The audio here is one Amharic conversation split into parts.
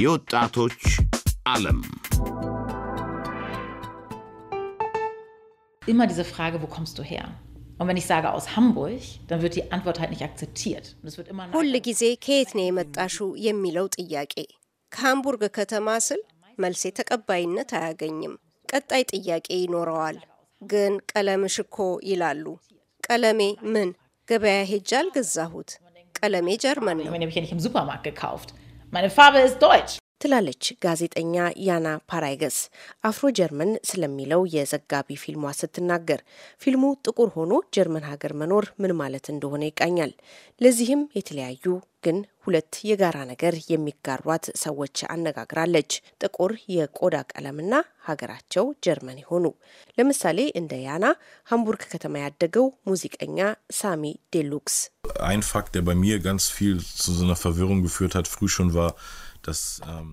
የወጣቶች ዓለም Immer diese Frage, wo kommst du her? Und wenn ich sage aus Hamburg, dann wird die Antwort halt nicht akzeptiert. Und wird immer ሁል ጊዜ ከየት ነው የመጣሽው የሚለው ጥያቄ ከሃምቡርግ ከተማ ስል መልሴ ተቀባይነት አያገኝም። ቀጣይ ጥያቄ ይኖረዋል። ግን ቀለምሽ እኮ ይላሉ። ቀለሜ ምን ገበያ ሄጃ አልገዛሁት። ቀለሜ ጀርመን ነው። meine Farbe ist deutsch. ትላለች ጋዜጠኛ ያና ፓራይገስ አፍሮ ጀርመን ስለሚለው የዘጋቢ ፊልሟ ስትናገር ፊልሙ ጥቁር ሆኖ ጀርመን ሀገር መኖር ምን ማለት እንደሆነ ይቃኛል። ለዚህም የተለያዩ ግን ሁለት የጋራ ነገር የሚጋሯት ሰዎች አነጋግራለች። ጥቁር የቆዳ ቀለምና ሀገራቸው ጀርመን የሆኑ ለምሳሌ እንደ ያና ሃምቡርግ ከተማ ያደገው ሙዚቀኛ ሳሚ ዴሉክስ Ein Fakt, der bei mir ganz viel zu so einer Verwirrung geführt hat, früh schon war,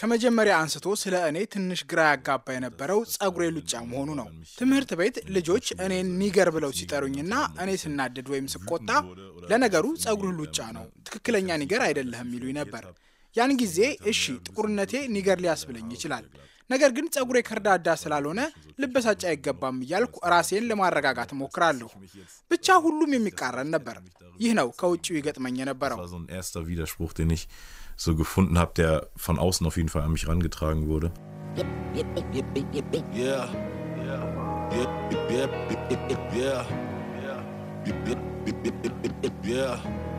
ከመጀመሪያ አንስቶ ስለ እኔ ትንሽ ግራ ያጋባ የነበረው ጸጉሬ ሉጫ መሆኑ ነው። ትምህርት ቤት ልጆች እኔን ኒገር ብለው ሲጠሩኝና እኔ ስናደድ ወይም ስቆጣ ለነገሩ ጸጉርህ ሉጫ ነው፣ ትክክለኛ ኒገር አይደለህም ይሉኝ ነበር። ያን ጊዜ እሺ ጥቁርነቴ ኒገር ሊያስብለኝ ይችላል። ነገር ግን ጸጉሬ ከርዳዳ ስላልሆነ ልበሳጭ አይገባም እያልኩ ራሴን ለማረጋጋት እሞክራለሁ። ብቻ ሁሉም የሚቃረን ነበር። ይህ ነው ከውጭው ይገጥመኝ የነበረው። so gefunden habe, der von außen auf jeden Fall an mich rangetragen wurde. Yeah, yeah, yeah,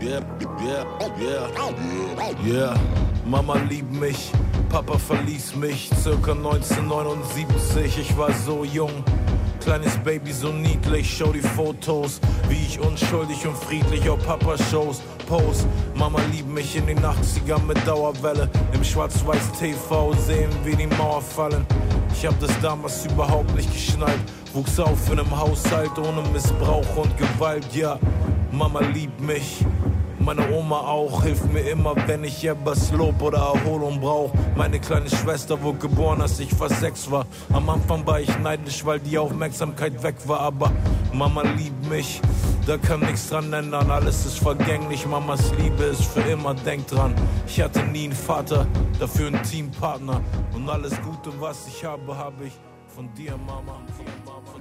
yeah, yeah, yeah, yeah. Mama liebt mich, Papa verließ mich, circa 1979, ich war so jung. Kleines Baby so niedlich, schau die Fotos, wie ich unschuldig und friedlich auf Papa-Shows post. Mama liebt mich in den 80ern mit Dauerwelle. Im schwarz-weiß TV sehen wir die Mauer fallen. Ich hab das damals überhaupt nicht geschnallt. Wuchs auf in einem Haushalt ohne Missbrauch und Gewalt, ja. Mama liebt mich. Meine Oma auch hilft mir immer, wenn ich etwas Lob oder Erholung brauch. Meine kleine Schwester wurde geboren, als ich fast sechs war. Am Anfang war ich neidisch, weil die Aufmerksamkeit weg war, aber Mama liebt mich. Da kann nichts dran ändern, alles ist vergänglich. Mamas Liebe ist für immer, denk dran. Ich hatte nie einen Vater, dafür einen Teampartner. Und alles Gute, was ich habe, habe ich von dir, Mama. Von Mama.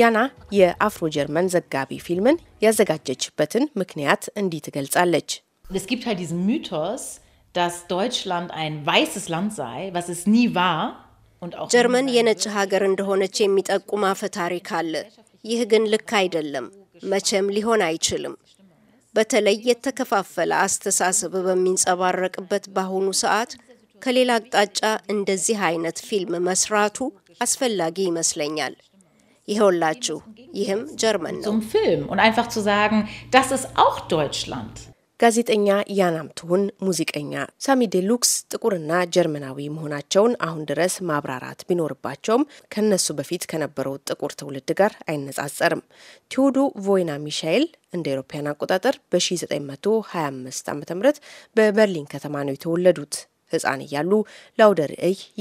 ያና የአፍሮ ጀርመን ዘጋቢ ፊልምን ያዘጋጀችበትን ምክንያት እንዲህ ትገልጻለች። ጀርመን የነጭ ሀገር እንደሆነች የሚጠቁም አፈ ታሪክ አለ። ይህ ግን ልክ አይደለም፣ መቼም ሊሆን አይችልም። በተለይ የተከፋፈለ አስተሳሰብ በሚንጸባረቅበት በአሁኑ ሰዓት ከሌላ አቅጣጫ እንደዚህ አይነት ፊልም መስራቱ አስፈላጊ ይመስለኛል። ይኸውላችሁ ይህም ጀርመን ነው። ጋዜጠኛ ያናምትሁን ሙዚቀኛ ሳሚ ዴሉክስ ጥቁርና ጀርመናዊ መሆናቸውን አሁን ድረስ ማብራራት ቢኖርባቸውም ከነሱ በፊት ከነበረው ጥቁር ትውልድ ጋር አይነጻጸርም። ቴዎዶ ቮይና ሚሻኤል እንደ አውሮፓውያን አቆጣጠር በ1925 ዓ ም በበርሊን ከተማ ነው የተወለዱት። ህፃን እያሉ ለአውደ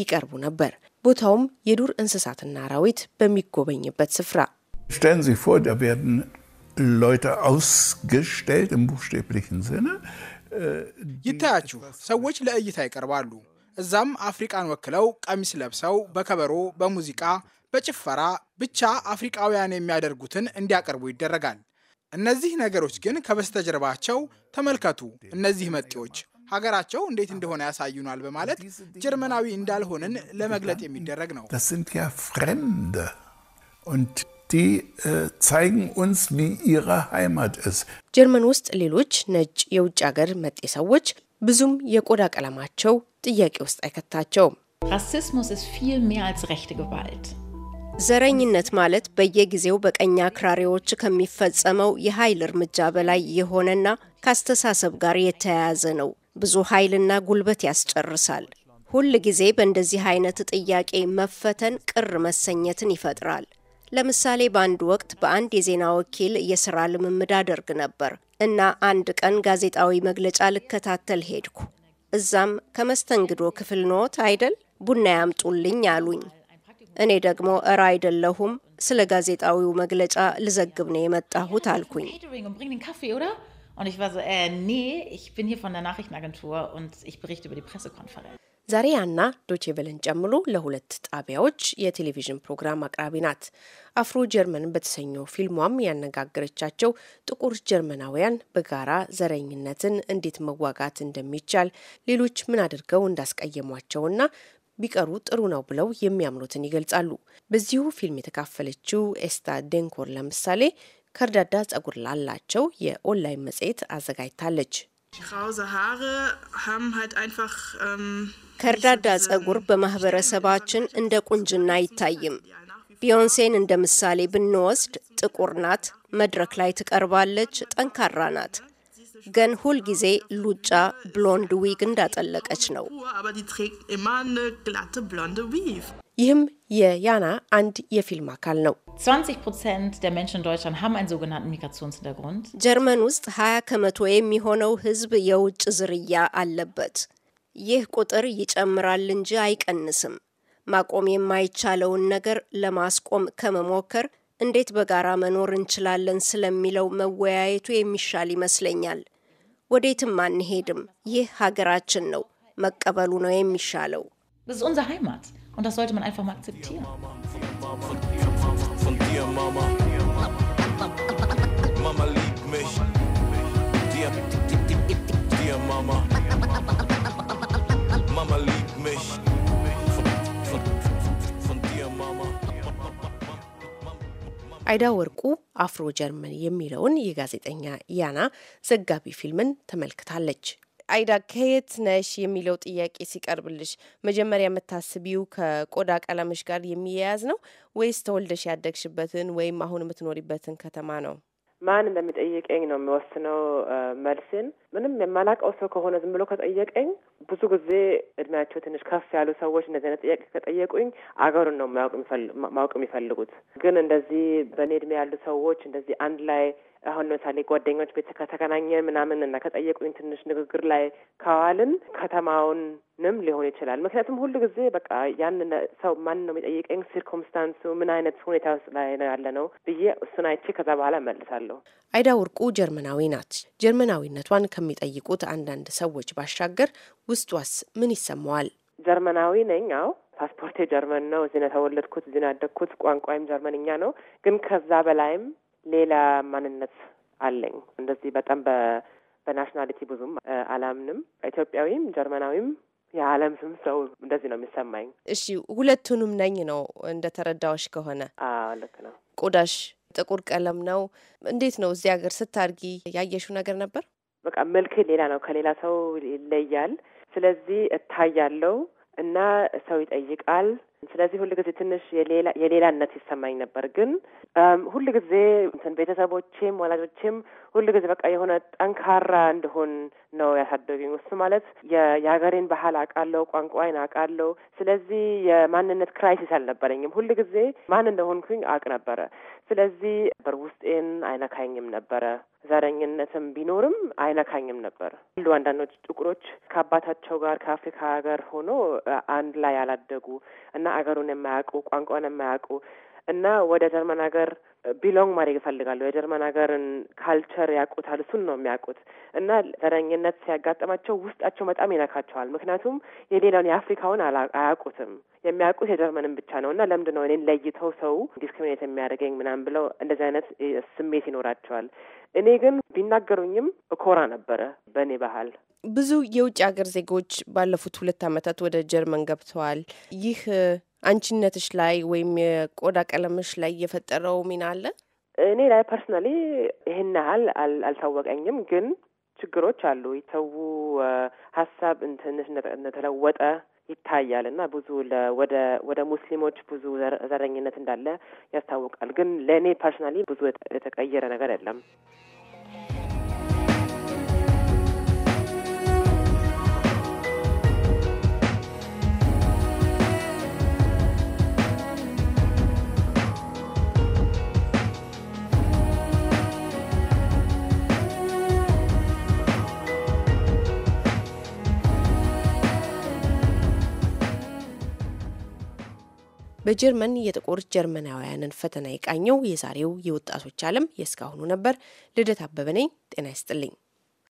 ይቀርቡ ነበር። ቦታውም የዱር እንስሳትና አራዊት በሚጎበኝበት ስፍራ Stellen Sie vor, da werden Leute ausgestellt im buchstäblichen Sinne. Äh, ይታያችሁ፣ ሰዎች ለእይታ ይቀርባሉ። እዛም አፍሪቃን ወክለው ቀሚስ ለብሰው በከበሮ፣ በሙዚቃ፣ በጭፈራ ብቻ አፍሪቃውያን የሚያደርጉትን እንዲያቀርቡ ይደረጋል። እነዚህ ነገሮች ግን ከበስተጀርባቸው ተመልከቱ፣ እነዚህ መጤዎች ሀገራቸው እንዴት እንደሆነ ያሳዩናል በማለት ጀርመናዊ እንዳልሆንን ለመግለጥ የሚደረግ ነው። äh, ጀርመን ውስጥ ሌሎች ነጭ የውጭ ሀገር መጤ ሰዎች ብዙም የቆዳ ቀለማቸው ጥያቄ ውስጥ አይከታቸውም። ዘረኝነት ማለት በየጊዜው በቀኝ አክራሪዎች ከሚፈጸመው የኃይል እርምጃ በላይ የሆነና ከአስተሳሰብ ጋር የተያያዘ ነው። ብዙ ኃይልና ጉልበት ያስጨርሳል። ሁል ጊዜ በእንደዚህ አይነት ጥያቄ መፈተን ቅር መሰኘትን ይፈጥራል። ለምሳሌ በአንድ ወቅት በአንድ የዜና ወኪል የስራ ልምምድ አደርግ ነበር እና አንድ ቀን ጋዜጣዊ መግለጫ ልከታተል ሄድኩ። እዛም ከመስተንግዶ ክፍል ኖት አይደል? ቡና ያምጡልኝ አሉኝ። እኔ ደግሞ እረ አይደለሁም፣ ስለ ጋዜጣዊው መግለጫ ልዘግብ ነው የመጣሁት አልኩኝ። Und ich war so, äh, nee, ich bin hier von der Nachrichtenagentur und ich berichte über die Pressekonferenz. ዛሬ ያና ዶቼ ቬለን ጨምሮ ለሁለት ጣቢያዎች የቴሌቪዥን ፕሮግራም አቅራቢ ናት። አፍሮ ጀርመን በተሰኘው ፊልሟም ያነጋገረቻቸው ጥቁር ጀርመናውያን በጋራ ዘረኝነትን እንዴት መዋጋት እንደሚቻል፣ ሌሎች ምን አድርገው እንዳስቀየሟቸውና ቢቀሩ ጥሩ ነው ብለው የሚያምኑትን ይገልጻሉ። በዚሁ ፊልም የተካፈለችው ኤስታ ደንኮር ለምሳሌ ከርዳዳ ጸጉር ላላቸው የኦንላይን መጽሔት አዘጋጅታለች። ähm, ከርዳዳ ጸጉር በማህበረሰባችን እንደ ቁንጅና አይታይም። ቢዮንሴን እንደ ምሳሌ ብንወስድ ጥቁር ናት፣ መድረክ ላይ ትቀርባለች፣ ጠንካራ ናት። ግን ሁልጊዜ ሉጫ ብሎንድ ዊግ እንዳጠለቀች ነው። ይህም የያና አንድ የፊልም አካል ነው። ጀርመን ውስጥ 20 ከመቶ የሚሆነው ሕዝብ የውጭ ዝርያ አለበት። ይህ ቁጥር ይጨምራል እንጂ አይቀንስም። ማቆም የማይቻለውን ነገር ለማስቆም ከመሞከር እንዴት በጋራ መኖር እንችላለን ስለሚለው መወያየቱ የሚሻል ይመስለኛል። ወዴትም አንሄድም፣ ይህ ሀገራችን ነው፣ መቀበሉ ነው የሚሻለው። Das ist unsere Heimat und das sollte man einfach mal akzeptieren. Mama liebt mich. Dir, dir Mama. Mama liebt mich. አይዳ ወርቁ አፍሮ ጀርመን የሚለውን የጋዜጠኛ ያና ዘጋቢ ፊልምን ተመልክታለች። አይዳ ከየት ነሽ የሚለው ጥያቄ ሲቀርብልሽ መጀመሪያ የምታስቢው ከቆዳ ቀለምሽ ጋር የሚያያዝ ነው ወይስ ተወልደሽ ያደግሽበትን ወይም አሁን የምትኖሪበትን ከተማ ነው? ማን እንደሚጠይቀኝ ነው የሚወስነው መልስን። ምንም የማላቀው ሰው ከሆነ ዝም ብሎ ከጠየቀኝ ብዙ ጊዜ እድሜያቸው ትንሽ ከፍ ያሉ ሰዎች እንደዚህ አይነት ጥያቄ ከጠየቁኝ አገሩን ነው ማወቅ የሚፈልጉት። ግን እንደዚህ በእኔ እድሜ ያሉ ሰዎች እንደዚህ አንድ ላይ አሁን ለምሳሌ ጓደኞች ቤት ከተገናኘን ምናምን እና ከጠየቁኝ ትንሽ ንግግር ላይ ከዋልን ከተማውን ንም ሊሆን ይችላል። ምክንያቱም ሁሉ ጊዜ በቃ ያንን ሰው ማን ነው የሚጠይቀኝ፣ ሲርኮምስታንሱ ምን አይነት ሁኔታ ውስጥ ላይ ነው ያለ ነው ብዬ እሱን አይቼ ከዛ በኋላ እመልሳለሁ። አይዳ ወርቁ ጀርመናዊ ናት። ጀርመናዊነቷን ከሚጠይቁት አንዳንድ ሰዎች ባሻገር ውስጧስ ምን ይሰማዋል? ጀርመናዊ ነኝ። አዎ ፓስፖርቴ ጀርመን ነው። እዚህ ነው የተወለድኩት፣ እዚህ ነው ያደግኩት። ቋንቋይም ጀርመንኛ ነው። ግን ከዛ በላይም ሌላ ማንነት አለኝ። እንደዚህ በጣም በ በናሽናሊቲ ብዙም አላምንም። ኢትዮጵያዊም ጀርመናዊም የዓለም ስም ሰው እንደዚህ ነው የሚሰማኝ። እሺ ሁለቱንም ነኝ ነው እንደ ተረዳዎች ከሆነ ልክ ነው። ቆዳሽ ጥቁር ቀለም ነው። እንዴት ነው እዚህ ሀገር ስታድጊ ያየሽው ነገር ነበር? በቃ መልክ ሌላ ነው፣ ከሌላ ሰው ይለያል። ስለዚህ እታያለው እና ሰው ይጠይቃል ስለዚህ ሁል ጊዜ ትንሽ የሌላ የሌላነት ይሰማኝ ነበር። ግን ሁል ጊዜ እንትን ቤተሰቦቼም ወላጆቼም ሁል ጊዜ በቃ የሆነ ጠንካራ እንደሆን ነው ያሳደጉኝ። እሱ ማለት የሀገሬን ባህል አውቃለሁ፣ ቋንቋዬን አውቃለሁ። ስለዚህ የማንነት ክራይሲስ አልነበረኝም። ሁል ጊዜ ማን እንደሆንኩኝ አውቅ ነበረ። ስለዚህ በር ውስጤን አይነካኝም ነበረ። ዘረኝነትም ቢኖርም አይነካኝም ነበር። ሁሉ አንዳንዶች ጥቁሮች ከአባታቸው ጋር ከአፍሪካ ሀገር ሆኖ አንድ ላይ ያላደጉ እና አገሩን የማያውቁ ቋንቋን የማያውቁ እና ወደ ጀርመን ሀገር ቢሎንግ ማድረግ ይፈልጋሉ። የጀርመን ሀገርን ካልቸር ያውቁታል፣ እሱን ነው የሚያውቁት። እና ዘረኝነት ሲያጋጥማቸው ውስጣቸው በጣም ይነካቸዋል። ምክንያቱም የሌላውን የአፍሪካውን አያውቁትም፣ የሚያውቁት የጀርመንን ብቻ ነው። እና ለምንድን ነው እኔን ለይተው ሰው ዲስክሪሚኔት የሚያደርገኝ ምናምን ብለው እንደዚህ አይነት ስሜት ይኖራቸዋል። እኔ ግን ቢናገሩኝም እኮራ ነበረ በእኔ ባህል። ብዙ የውጭ ሀገር ዜጎች ባለፉት ሁለት ዓመታት ወደ ጀርመን ገብተዋል። ይህ አንቺነትሽ ላይ ወይም የቆዳ ቀለምሽ ላይ እየፈጠረው ሚና አለ? እኔ ላይ ፐርስናሊ ይህን ያህል አልታወቀኝም፣ ግን ችግሮች አሉ። የተዉ ሀሳብ ትንሽ እንደተለወጠ ይታያል እና ብዙ ወደ ወደ ሙስሊሞች ብዙ ዘረኝነት እንዳለ ያስታውቃል። ግን ለእኔ ፐርስናሊ ብዙ የተቀየረ ነገር የለም። በጀርመን የጥቁር ጀርመናውያንን ፈተና የቃኘው የዛሬው የወጣቶች ዓለም የእስካሁኑ ነበር። ልደት አበበ ነኝ። ጤና ይስጥልኝ።